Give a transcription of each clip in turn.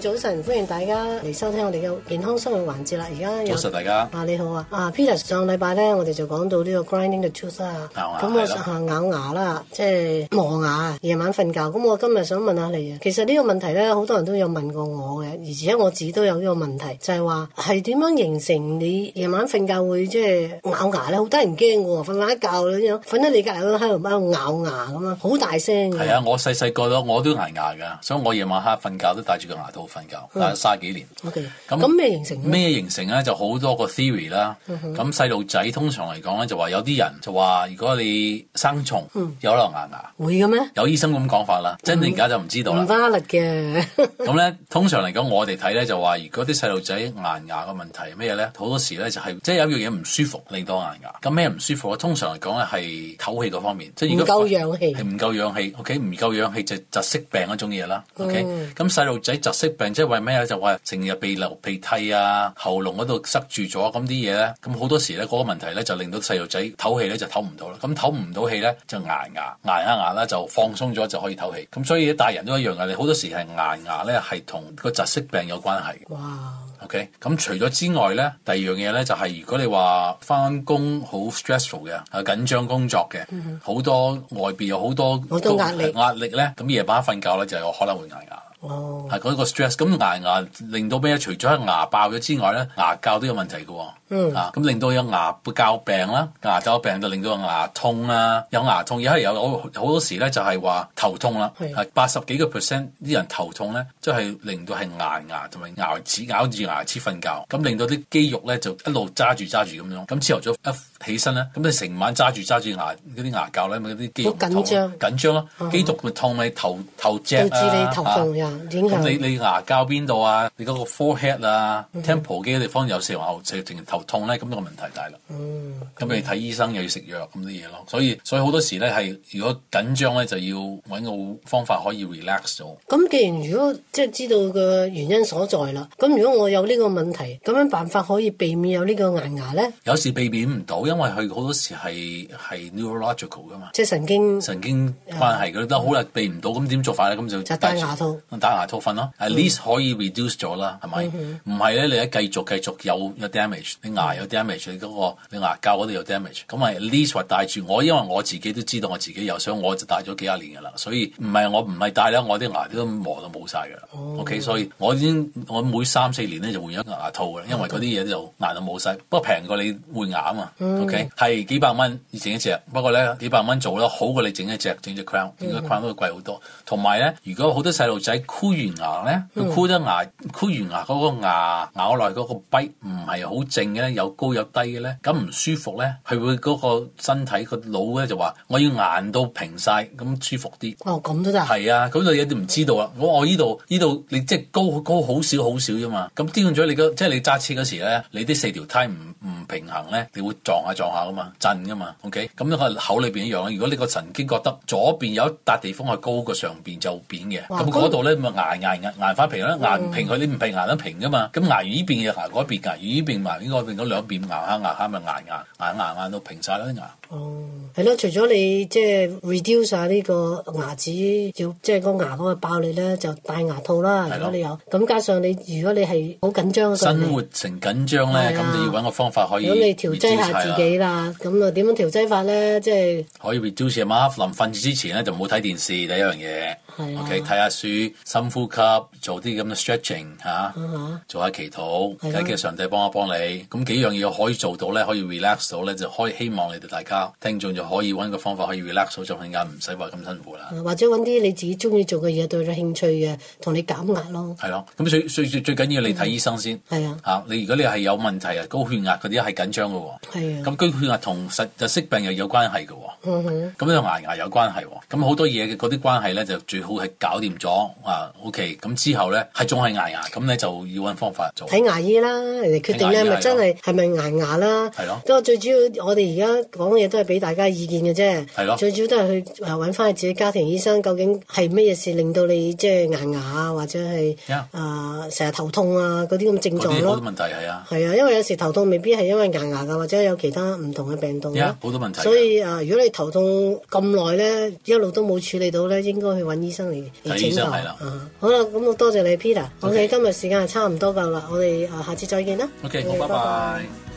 早晨，歡迎大家嚟收聽我哋嘅健康生活環節啦！而家早晨大家啊，你好啊，啊 Peter，上個禮拜咧，我哋就講到呢個 grinding the tooth 啦。咁、嗯、我上下咬牙啦，即係磨牙，夜晚瞓覺。咁我今日想問下你啊，其實呢個問題咧，好多人都有問過我嘅，而且我自己都有呢個問題，就係話係點樣形成你夜晚瞓覺會即係咬牙咧？好得人驚嘅喎，瞓下一覺咁樣，瞓喺你隔籬喺度咬牙咁樣，好大聲嘅。係啊，我細細個咯，我都牙牙㗎，所以我夜晚黑瞓覺都戴住個牙套。瞓覺，但係卅幾年。O K. 咁咁咩形成咧？咩形成咧？就好多個 theory 啦。咁細路仔通常嚟講咧，就話有啲人就話，如果你生蟲，嗯、有可能牙牙。會嘅咩？有醫生咁講法啦。真定假就唔知道啦。唔 v a 嘅。咁 咧，通常嚟講，我哋睇咧就話，如果啲細路仔牙牙嘅問題係咩咧，好多時咧就係即係有一樣嘢唔舒服令到牙牙。咁咩唔舒服啊？通常嚟講咧係唞氣嗰方面，即係唔夠氧氣，係唔夠氧氣。O K. 唔夠氧氣就係窒息病一種嘢啦。O K. 咁細路仔窒息病即係為咩咧？就話成日鼻流鼻涕啊，喉嚨嗰度塞住咗，咁啲嘢咧，咁好多時咧嗰個問題咧就令到細路仔唞氣咧就唞唔到啦。咁唞唔到氣咧就捱牙，捱牙，牙一牙啦就放鬆咗就可以唞氣。咁所以大人都一樣啊，你好多時係捱牙咧係同個窒息病有關係。哇！OK，咁除咗之外咧，第二樣嘢咧就係、是、如果你話返工好 stressful 嘅，緊張工作嘅，好、嗯、多外邊有好多，多壓力、呃、壓力咧，咁夜班瞓覺咧就有可能會捱牙。係、哦、嗰、啊、個 stress，咁牙牙令到咩除咗牙爆咗之外咧，牙教都有問題嘅喎、哦。嗯，啊咁令到有牙教病啦，牙教病就令到有牙痛啦。有牙痛，亦係有好多時咧就係、是、話頭痛啦。係八十幾個 percent 啲人頭痛咧，即、就、係、是、令到係牙牙同埋牙齒咬住牙齒瞓覺，咁、啊、令到啲肌肉咧就一路揸住揸住咁樣。咁朝頭早一起身咧，咁你成晚揸住揸住牙嗰啲牙教咧，咪啲肌肉緊張緊張咯。肌肉咪痛咪、嗯、頭、嗯、頭脹啊！你頭痛你、嗯、你牙膠邊度啊？你嗰個 forehead 啊、嗯、temple 嘅地方有時候成成日頭痛咧，咁個問題大啦。咁你睇醫生、嗯、又要食藥咁啲嘢咯。所以所以好多時咧係如果緊張咧就要揾個方法可以 relax 咗。咁既然如果即係知道個原因所在啦，咁如果我有呢個問題，咁樣辦法可以避免有呢個牙牙咧、嗯？有時避免唔到，因為佢好多時係 neurological 噶嘛，即係神經神經、啊、關係噶都好啦、嗯，避唔到咁點做法咧？咁就，就戴牙套。嗯。打牙套瞓咯、啊嗯、，at least 可以 reduce 咗啦，係、嗯、咪？唔係咧，嗯、你一繼續繼續有有 damage，、嗯、你牙有 damage，、嗯、你嗰、嗰個你牙膠嗰度有 damage，咁、嗯、咪 at least 或戴住。我因為我自己都知道我自己有，所以我就戴咗幾廿年噶啦。所以唔係我唔係戴啦，我啲牙都磨到冇晒噶啦。OK，所以我已經我每三四年咧就換咗牙套啦，因為嗰啲嘢就牙就冇晒。不過平過你換牙啊嘛。OK，係、嗯、幾百蚊要整一隻，不過咧幾百蚊做得，好過你整一隻整隻 crown，整隻 crown 都貴好多。同埋咧，如果好多細路仔。箍完牙咧，要箍得牙，箍、嗯、完牙嗰、那個牙咬落嗰個 bite 唔係好正嘅咧，有高有低嘅咧，咁唔舒服咧，佢會嗰個身體、那個腦咧就話我要硬到平晒，咁舒服啲。哦，咁都得？係啊，咁就有啲唔知道啊。我我依度呢度你即係高高好少好少啫嘛。咁跌咗你個即係你揸車嗰時咧，你啲四條胎唔唔平衡咧，你會撞下撞下噶嘛，震噶嘛。OK，咁咧口裏邊一樣啦。如果你個神經覺得左邊有一笪地方係高嘅，上邊就扁嘅，咁嗰度咧。那個那個咁啊，挨挨挨挨翻平啦，捱平佢，你唔平挨都平噶嘛、啊，咁捱完依邊又挨嗰邊，挨完依邊挨依嗰邊，嗰兩邊捱下挨下咪挨捱挨挨挨到平曬啦，哦，係咯，除咗你即係 reduce 下呢個牙齒要即係個牙嗰個爆裂咧，就戴牙套啦。如果你有，咁加上你如果你係好緊張，生活成緊張咧，咁你要揾個方法可以你調劑下自己啦。咁啊，點樣調劑法咧？即係可以 reduce 個嘛，臨瞓之前咧，就唔好睇電視第一樣嘢。OK，睇下書，深呼吸，做啲咁嘅 stretching 吓、啊，uh -huh, 做下祈禱，其實上帝幫一幫你。咁幾樣嘢可以做到咧，可以 relax 到咧，就可以希望你哋大家。聽眾就可以揾個方法可以 relax，輔助血壓，唔使話咁辛苦啦。或者揾啲你自己中意做嘅嘢，對咗興趣嘅，同你減壓咯。係咯，咁最最最緊要你睇醫生先。係、嗯、啊。吓，你如果你係有問題啊，高血壓嗰啲係緊張嘅。係啊。咁高血壓同實日息病又有關係嘅。嗯，咁又牙牙有關係，咁好多嘢嘅嗰啲關係咧，就最好係搞掂咗啊。OK，咁之後咧係仲係牙牙，咁咧就要揾方法做。睇牙醫啦，人哋決定咧，咪真係係咪牙牙啦。係咯。不過最主要，我哋而家講嘢。都係俾大家意見嘅啫，最主要都係去啊揾翻自己家庭醫生，究竟係乜嘢事令到你即係牙牙啊，或者係啊成日頭痛啊嗰啲咁症狀咯。好多問題係啊，係啊，因為有時頭痛未必係因為牙牙㗎，或者有其他唔同嘅病毒。好、yeah, 多問題。所以啊、呃，如果你頭痛咁耐咧，一路都冇處理到咧，應該去揾醫生嚟嚟診治好啦，咁我多謝你 Peter，我哋、okay, okay. 今日時間係差唔多夠啦，我哋啊下次再見啦。OK，拜拜。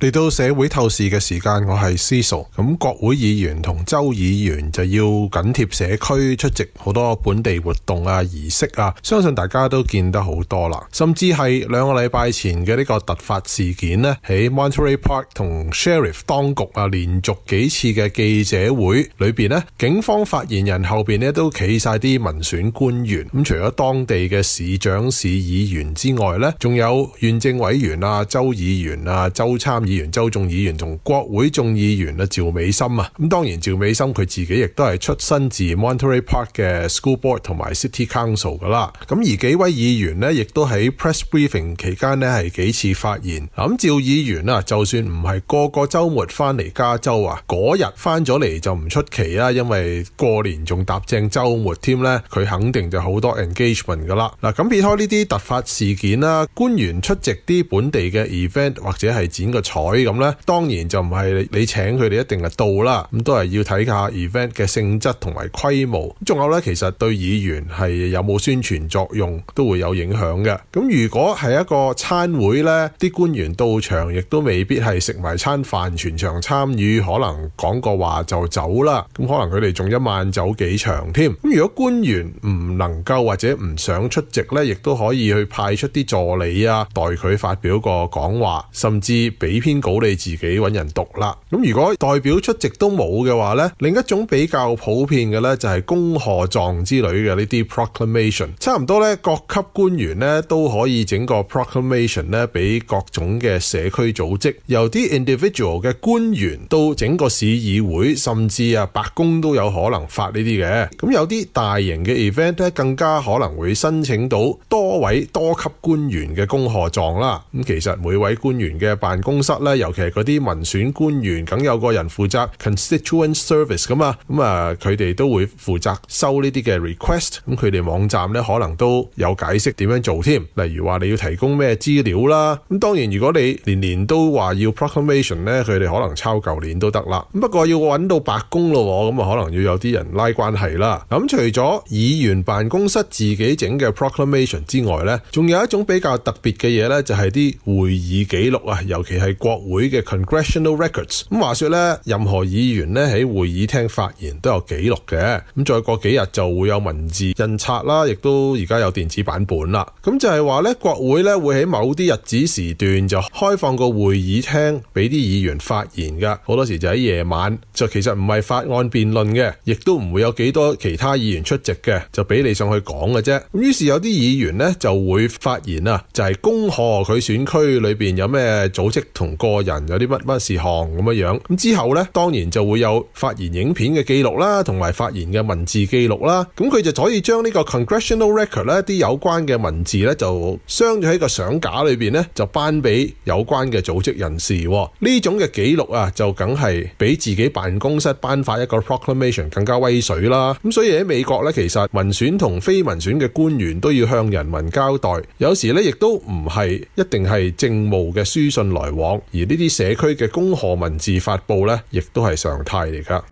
嚟到社會透視嘅時間，我係司素。咁國會議員同州議員就要緊貼社區出席好多本地活動啊、儀式啊，相信大家都見得好多啦。甚至係兩個禮拜前嘅呢個突發事件呢，喺 Monterey Park 同 Sheriff 當局啊，連續幾次嘅記者會裏邊呢，警方發言人後邊呢都企晒啲民選官員。咁除咗當地嘅市長、市議員之外呢，仲有縣政委員啊、州議員啊、州參、啊。議員州眾議員同國會眾議員啊，趙美心啊，咁當然趙美心佢自己亦都係出身自 Monterey Park 嘅 School Board 同埋 City Council 噶啦，咁而幾位議員呢，亦都喺 Press Briefing 期間呢，係幾次發言。咁趙議員啊，就算唔係個個週末翻嚟加州啊，嗰日翻咗嚟就唔出奇啊，因為過年仲搭正週末添、啊、呢，佢肯定就好多 engagement 噶啦。嗱咁撇開呢啲突發事件啦、啊，官員出席啲本地嘅 event 或者係展個咁咧，當然就唔係你請佢哋一定係到啦，咁都係要睇下 event 嘅性質同埋規模。仲有咧，其實對議員係有冇宣傳作用都會有影響嘅。咁如果係一個餐會咧，啲官員到場亦都未必係食埋餐飯，全場參與，可能講個話就走啦。咁可能佢哋仲一晚走幾場添。咁如果官員唔能夠或者唔想出席咧，亦都可以去派出啲助理啊，代佢發表個講話，甚至俾。先稿你自己揾人讀啦。咁如果代表出席都冇嘅話呢，另一種比較普遍嘅呢，就係恭賀狀之類嘅呢啲 proclamation。差唔多呢，各級官員呢都可以整個 proclamation 呢俾各種嘅社區組織，由啲 individual 嘅官員到整個市議會，甚至啊白宮都有可能發呢啲嘅。咁有啲大型嘅 event 咧，更加可能會申請到多位多級官員嘅恭賀狀啦。咁其實每位官員嘅辦公室。咧，尤其係嗰啲民選官員，梗有個人負責 constituent service 噶嘛，咁啊佢哋都會負責收呢啲嘅 request，咁佢哋網站咧可能都有解釋點樣做添，例如話你要提供咩資料啦，咁當然如果你年年都話要 proclamation 咧，佢哋可能抄舊年都得啦，不過要揾到白宮咯，咁啊可能要有啲人拉關係啦。咁除咗議員辦公室自己整嘅 proclamation 之外咧，仲有一種比較特別嘅嘢咧，就係啲會議記錄啊，尤其係國會嘅 Congressional Records 咁話說咧，任何議員咧喺會議廳發言都有記錄嘅。咁再過幾日就會有文字印刷啦，亦都而家有電子版本啦。咁就係話咧，國會咧會喺某啲日子時段就開放個會議廳俾啲議員發言噶。好多時就喺夜晚，就其實唔係法案辯論嘅，亦都唔會有幾多其他議員出席嘅，就俾你上去講嘅啫。咁於是有啲議員咧就會發言啊，就係恭賀佢選區裏邊有咩組織同。個人有啲乜乜事項咁樣樣。咁之後呢，當然就會有發言影片嘅記錄啦，同埋發言嘅文字記錄啦。咁佢就可以將呢個 Congressional Record 呢啲有關嘅文字呢，就鑲咗喺個相架裏面，呢就頒俾有關嘅組織人士。呢種嘅記錄啊，就梗係比自己辦公室頒發一個 proclamation 更加威水啦。咁所以喺美國呢，其實民選同非民選嘅官員都要向人民交代，有時呢，亦都唔係一定係政務嘅書信來往。而呢啲社區嘅公號文字發布呢，亦都係常態嚟噶。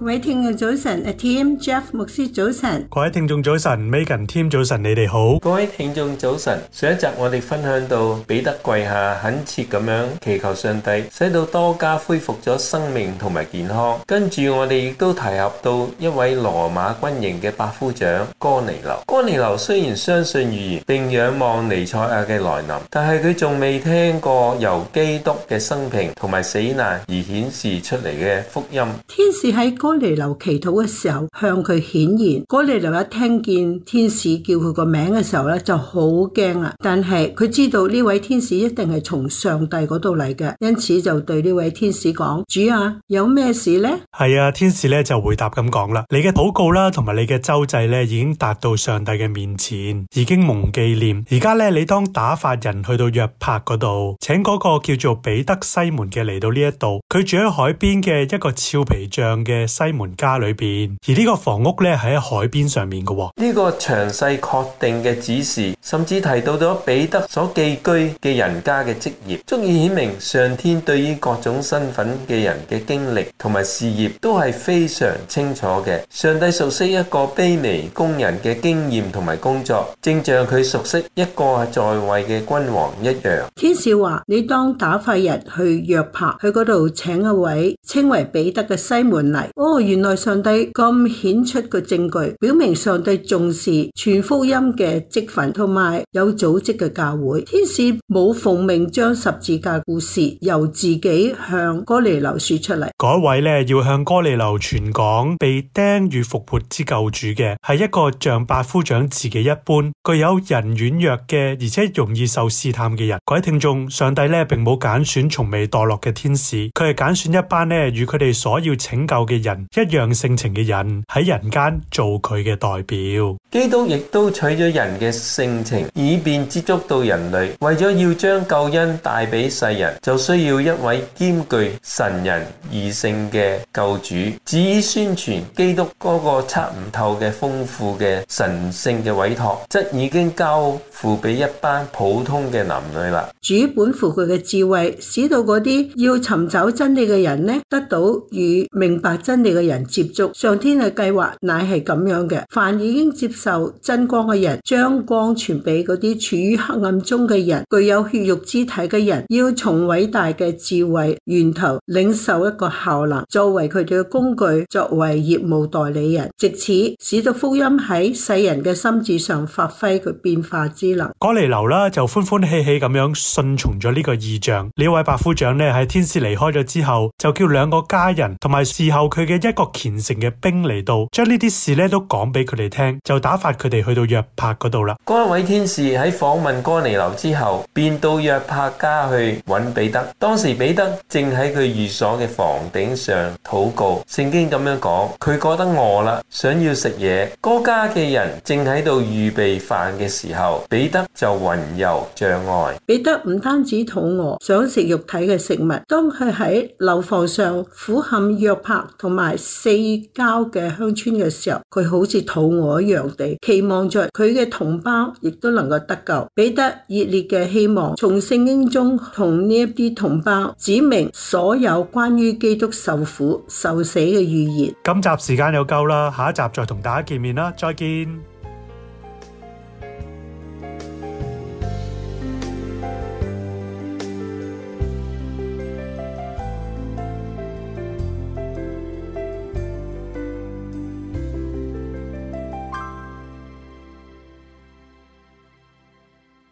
各位聽眾早晨，阿 Tim、Jeff、牧師早晨，各位聽眾早晨，Megan、Tim 早晨，你哋好。各位聽眾早晨。上一集我哋分享到彼得跪下懇切咁樣祈求上帝，使到多加恢復咗生命同埋健康。跟住我哋亦都提及到一位羅馬軍營嘅百夫長哥尼流。哥尼流雖然相信預言並仰望彌賽亞嘅來臨，但係佢仲未聽過由基督嘅生平同埋死難而顯示出嚟嘅福音。天使喺。哥尼流祈禱嘅時候，向佢顯現。哥尼流一聽見天使叫佢個名嘅時候咧，就好驚啊！但係佢知道呢位天使一定係從上帝嗰度嚟嘅，因此就對呢位天使講：主啊，有咩事呢？係啊，天使咧就回答咁講啦：你嘅禱告啦，同埋你嘅周祭咧，已經達到上帝嘅面前，已經蒙紀念。而家咧，你當打發人去到約帕嗰度，請嗰個叫做彼得西門嘅嚟到呢一度，佢住喺海邊嘅一個俏皮匠嘅。西門家裏邊，而呢個房屋咧喺海邊上面嘅，哦。呢、這個詳細確定嘅指示，甚至提到咗彼得所寄居嘅人家嘅職業。足以顯明，上天對於各種身份嘅人嘅經歷同埋事業，都係非常清楚嘅。上帝熟悉一個卑微工人嘅經驗同埋工作，正像佢熟悉一個在位嘅君王一樣。天使話：你當打發人去約帕，去嗰度請一位稱為彼得嘅西門嚟。哦，原來上帝咁顯出個證據，表明上帝重視傳福音嘅職份同埋有，有組織嘅教會。天使冇奉命將十字架故事由自己向哥尼流說出嚟。嗰位呢要向哥尼流傳講被釘與復活之救主嘅，係一個像百夫長自己一般具有人軟弱嘅，而且容易受試探嘅人。各位聽眾，上帝呢並冇揀選從未墮落嘅天使，佢係揀選一班呢與佢哋所要拯救嘅人。一樣性情嘅人喺人間做佢嘅代表，基督亦都取咗人嘅性情，以便接觸到人類。為咗要將救恩帶俾世人，就需要一位兼具神人二性嘅救主。至於宣傳基督嗰個測唔透嘅豐富嘅神聖嘅委託，則已經交付俾一班普通嘅男女啦。主本乎佢嘅智慧，使到嗰啲要尋找真理嘅人呢，得到與明白真理，嘅人接觸，上天嘅計劃乃係咁樣嘅。凡已經接受真光嘅人，將光傳俾嗰啲處於黑暗中嘅人，具有血肉之體嘅人，要從偉大嘅智慧源頭領受一個效能，作為佢哋嘅工具，作為業務代理人，直至使得福音喺世人嘅心智上發揮佢變化之能。哥尼流啦，就歡歡喜喜咁樣順從咗呢個意象。呢位百夫長呢，喺天使離開咗之後，就叫兩個家人同埋侍候佢嘅一個虔誠嘅兵嚟到，將呢啲事咧都講俾佢哋聽，就打發佢哋去到約帕嗰度啦。嗰位天使喺訪問哥尼流之後，便到約帕家去揾彼得。當時彼得正喺佢寓所嘅房頂上禱告。聖經咁樣講，佢覺得餓啦，想要食嘢。哥家嘅人正喺度預備飯嘅時候，彼得就魂遊象外。彼得唔單止肚餓，想食肉體嘅食物。當佢喺樓房上俯瞰約帕同埋四郊嘅鄉村嘅時候，佢好似肚餓一樣地期望着佢嘅同胞亦都能夠得救，俾得熱烈嘅希望。從聖經中同呢一啲同胞指明所有關於基督受苦受死嘅預言。今集時間又夠啦，下一集再同大家見面啦，再見。